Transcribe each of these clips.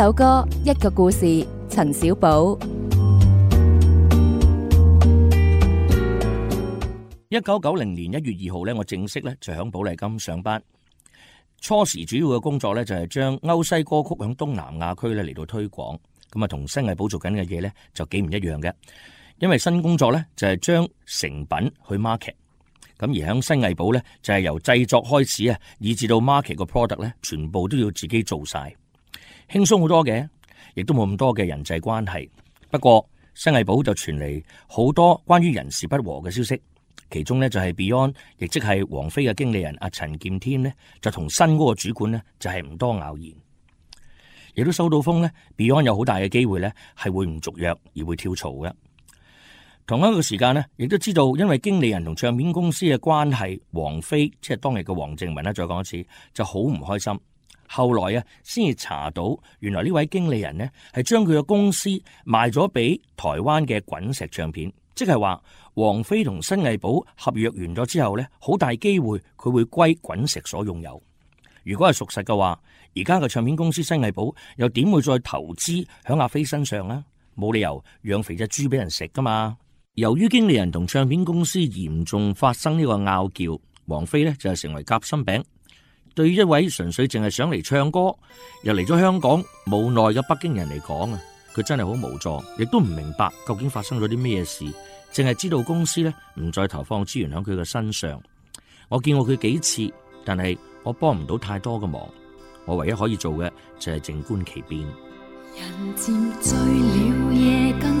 首歌一個故事，陳少寶。一九九零年一月二號咧，我正式咧就喺寶麗金上班。初時主要嘅工作咧就係將歐西歌曲響東南亞區咧嚟到推廣。咁啊，同新藝寶做緊嘅嘢咧就幾唔一樣嘅。因為新工作咧就係將成品去 market，咁而響新藝寶咧就係由製作開始啊，以至到 market 個 product 咧，全部都要自己做晒。輕鬆好多嘅，亦都冇咁多嘅人際關係。不過，新藝寶就傳嚟好多關於人事不和嘅消息。其中呢就係 Beyond，亦即係王菲嘅經理人阿陳劍添呢，就同新嗰個主管呢就係唔多咬言。亦都收到風呢，Beyond 有好大嘅機會呢係會唔續約而會跳槽嘅。同一個時間呢，亦都知道因為經理人同唱片公司嘅關係，王菲即係當日嘅王靖雯呢，再講一次就好唔開心。後來啊，先至查到原來呢位經理人呢係將佢嘅公司賣咗俾台灣嘅滾石唱片，即係話王菲同新藝寶合約完咗之後呢，好大機會佢會歸滾石所擁有。如果係屬實嘅話，而家嘅唱片公司新藝寶又點會再投資響阿菲身上呢？冇理由養肥隻豬俾人食噶嘛？由於經理人同唱片公司嚴重發生呢個拗撬，王菲呢就係成為夾心餅。對於一位純粹淨係想嚟唱歌，又嚟咗香港無奈嘅北京人嚟講啊，佢真係好無助，亦都唔明白究竟發生咗啲咩事，淨係知道公司咧唔再投放資源喺佢嘅身上。我見過佢幾次，但係我幫唔到太多嘅忙。我唯一可以做嘅就係靜觀其變。人漸醉了夜更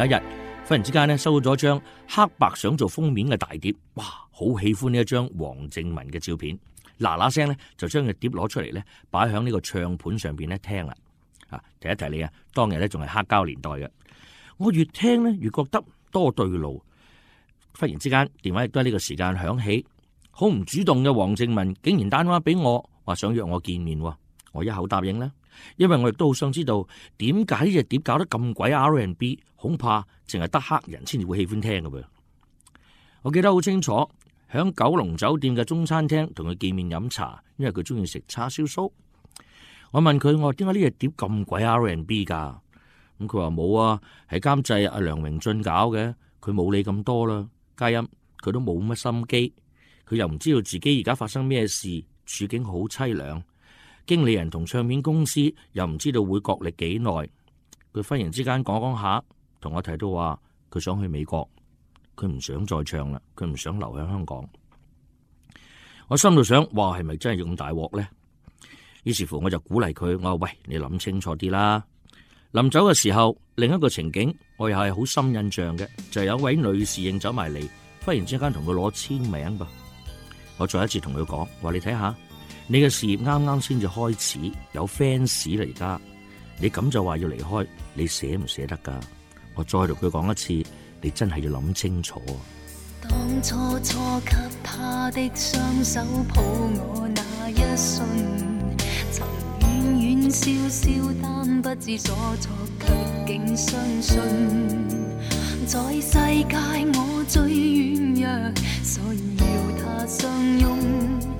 有一日，忽然之間咧收到咗張黑白相做封面嘅大碟，哇，好喜歡呢一張王靖雯嘅照片，嗱嗱聲咧就將個碟攞出嚟咧，擺喺呢個唱盤上邊咧聽啦。啊，提一提你啊，當日咧仲係黑膠年代嘅，我越聽咧越覺得多對路。忽然之間，電話亦都喺呢個時間響起，好唔主動嘅王靖雯竟然打電話俾我，話想約我見面，我一口答應啦。因為我亦都好想知道點解呢隻碟搞得咁鬼 R&B，恐怕淨係得黑人先至會喜歡聽嘅噃。我記得好清楚，響九龍酒店嘅中餐廳同佢見面飲茶，因為佢中意食叉燒酥。我問佢，我話點解呢隻碟咁鬼 R&B 噶咁佢話冇啊，係監製阿梁榮俊搞嘅，佢冇理咁多啦。皆因佢都冇乜心機，佢又唔知道自己而家發生咩事，處境好淒涼。經理人同唱片公司又唔知道會角力幾耐，佢忽然之間講講下，同我提到話佢想去美國，佢唔想再唱啦，佢唔想留喺香港。我心度想，話係咪真係要咁大鑊呢？於是乎，我就鼓勵佢，我話喂，你諗清楚啲啦。臨走嘅時候，另一個情景，我又係好深印象嘅，就係、是、有位女侍應走埋嚟，忽然之間同佢攞簽名噃。我再一次同佢講，話你睇下。你嘅事業啱啱先至開始有 fans 啦，而家你咁就話要離開，你捨唔捨得噶？我再同佢講一次，你真係要諗清楚。當初錯給他的雙手抱我那一瞬，曾怨怨笑笑，但不知所措，卻竟相信，在世界我最軟弱，所以要他相擁。